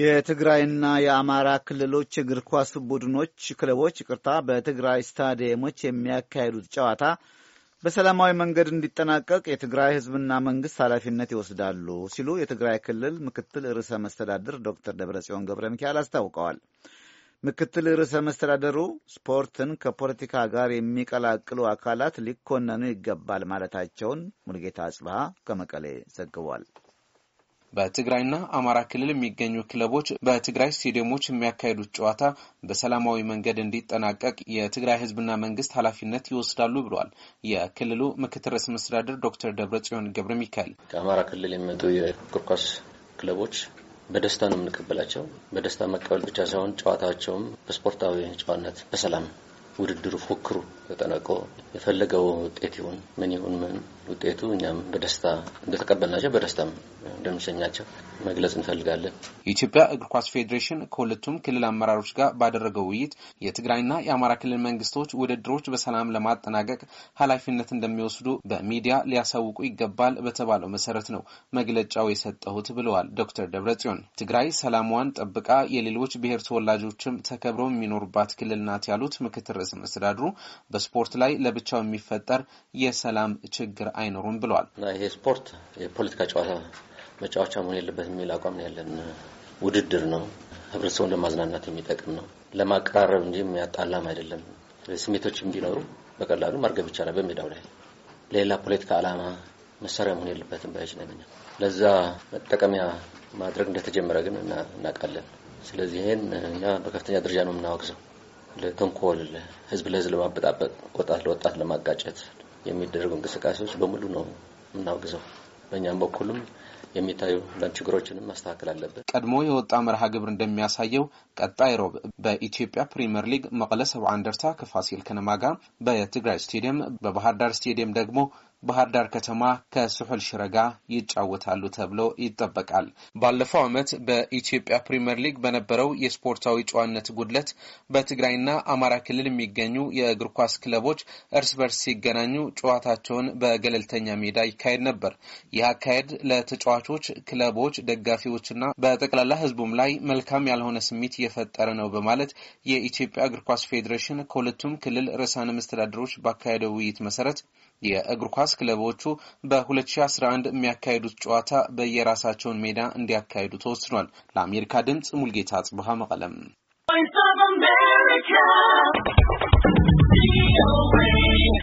የትግራይና የአማራ ክልሎች እግር ኳስ ቡድኖች ክለቦች ይቅርታ በትግራይ ስታዲየሞች የሚያካሄዱት ጨዋታ በሰላማዊ መንገድ እንዲጠናቀቅ የትግራይ ሕዝብና መንግስት ኃላፊነት ይወስዳሉ ሲሉ የትግራይ ክልል ምክትል ርዕሰ መስተዳድር ዶክተር ደብረጽዮን ገብረ ሚካኤል አስታውቀዋል። ምክትል ርዕሰ መስተዳደሩ ስፖርትን ከፖለቲካ ጋር የሚቀላቅሉ አካላት ሊኮነኑ ይገባል ማለታቸውን ሙልጌታ አጽብሃ ከመቀሌ ዘግቧል። በትግራይና አማራ ክልል የሚገኙ ክለቦች በትግራይ ስቴዲየሞች የሚያካሄዱት ጨዋታ በሰላማዊ መንገድ እንዲጠናቀቅ የትግራይ ሕዝብና መንግስት ኃላፊነት ይወስዳሉ ብለዋል የክልሉ ምክትል ርዕሰ መስተዳድር ዶክተር ደብረጽዮን ገብረ ሚካኤል። ከአማራ ክልል የሚመጡ የእግር ኳስ ክለቦች በደስታ ነው የምንቀበላቸው። በደስታ መቀበል ብቻ ሳይሆን ጨዋታቸውም በስፖርታዊ ጨዋነት በሰላም ውድድሩ ፉክክሩ ተጠናቆ የፈለገው ውጤት ይሁን ምን ይሁን ምን ውጤቱ እኛም በደስታ እንደተቀበልናቸው በደስታም እንደምንሸኛቸው መግለጽ እንፈልጋለን። የኢትዮጵያ እግር ኳስ ፌዴሬሽን ከሁለቱም ክልል አመራሮች ጋር ባደረገው ውይይት የትግራይና የአማራ ክልል መንግስቶች ውድድሮች በሰላም ለማጠናቀቅ ኃላፊነት እንደሚወስዱ በሚዲያ ሊያሳውቁ ይገባል በተባለው መሰረት ነው መግለጫው የሰጠሁት ብለዋል ዶክተር ደብረጽዮን። ትግራይ ሰላሟን ጠብቃ የሌሎች ብሔር ተወላጆችም ተከብረው የሚኖሩባት ክልል ናት ያሉት ምክትል ርዕሰ መስተዳድሩ በስፖርት ላይ ለብቻው የሚፈጠር የሰላም ችግር አይኖሩም ብለዋል። እና ይሄ ስፖርት የፖለቲካ ጨዋታ መጫወቻ መሆን የለበት የሚል አቋም ያለን ውድድር ነው። ህብረተሰቡን ለማዝናናት የሚጠቅም ነው፣ ለማቀራረብ እንጂ የሚያጣላም አይደለም። ስሜቶች እንዲኖሩ በቀላሉ ማርገብ ይቻላል። በሜዳው ላይ ሌላ ፖለቲካ ዓላማ መሳሪያ መሆን የለበትም ባዮች ነኝ። ለዛ መጠቀሚያ ማድረግ እንደተጀመረ ግን እናውቃለን። ስለዚህ ይህን እኛ በከፍተኛ ደረጃ ነው የምናወግዘው። ለተንኮል፣ ህዝብ ለህዝብ ለማበጣበጥ፣ ወጣት ለወጣት ለማጋጨት የሚደረጉ እንቅስቃሴዎች በሙሉ ነው የምናውግዘው። በእኛም በኩልም የሚታዩ ችግሮችንም ማስተካከል አለበት። ቀድሞ የወጣ መርሃ ግብር እንደሚያሳየው ቀጣይ ሮብ በኢትዮጵያ ፕሪምየር ሊግ መቀለ ሰብዓ እንደርታ ከፋሲል ከነማ ጋር፣ በትግራይ ስቴዲየም፣ በባህር ዳር ስቴዲየም ደግሞ ባህር ዳር ከተማ ከስሑል ሽረ ጋር ይጫወታሉ ተብሎ ይጠበቃል። ባለፈው ዓመት በኢትዮጵያ ፕሪምየር ሊግ በነበረው የስፖርታዊ ጨዋነት ጉድለት በትግራይና አማራ ክልል የሚገኙ የእግር ኳስ ክለቦች እርስ በርስ ሲገናኙ ጨዋታቸውን በገለልተኛ ሜዳ ይካሄድ ነበር። ይህ አካሄድ ለተጫዋቾች፣ ክለቦች፣ ደጋፊዎችና በጠቅላላ ሕዝቡም ላይ መልካም ያልሆነ ስሜት እየፈጠረ ነው በማለት የኢትዮጵያ እግር ኳስ ፌዴሬሽን ከሁለቱም ክልል ርዕሳነ መስተዳድሮች ባካሄደው ውይይት መሰረት የእግር ኳስ ኳስ ክለቦቹ በ2011 የሚያካሄዱት ጨዋታ በየራሳቸውን ሜዳ እንዲያካሄዱ ተወስኗል። ለአሜሪካ ድምፅ ሙልጌታ ጽቡሃ መቀለም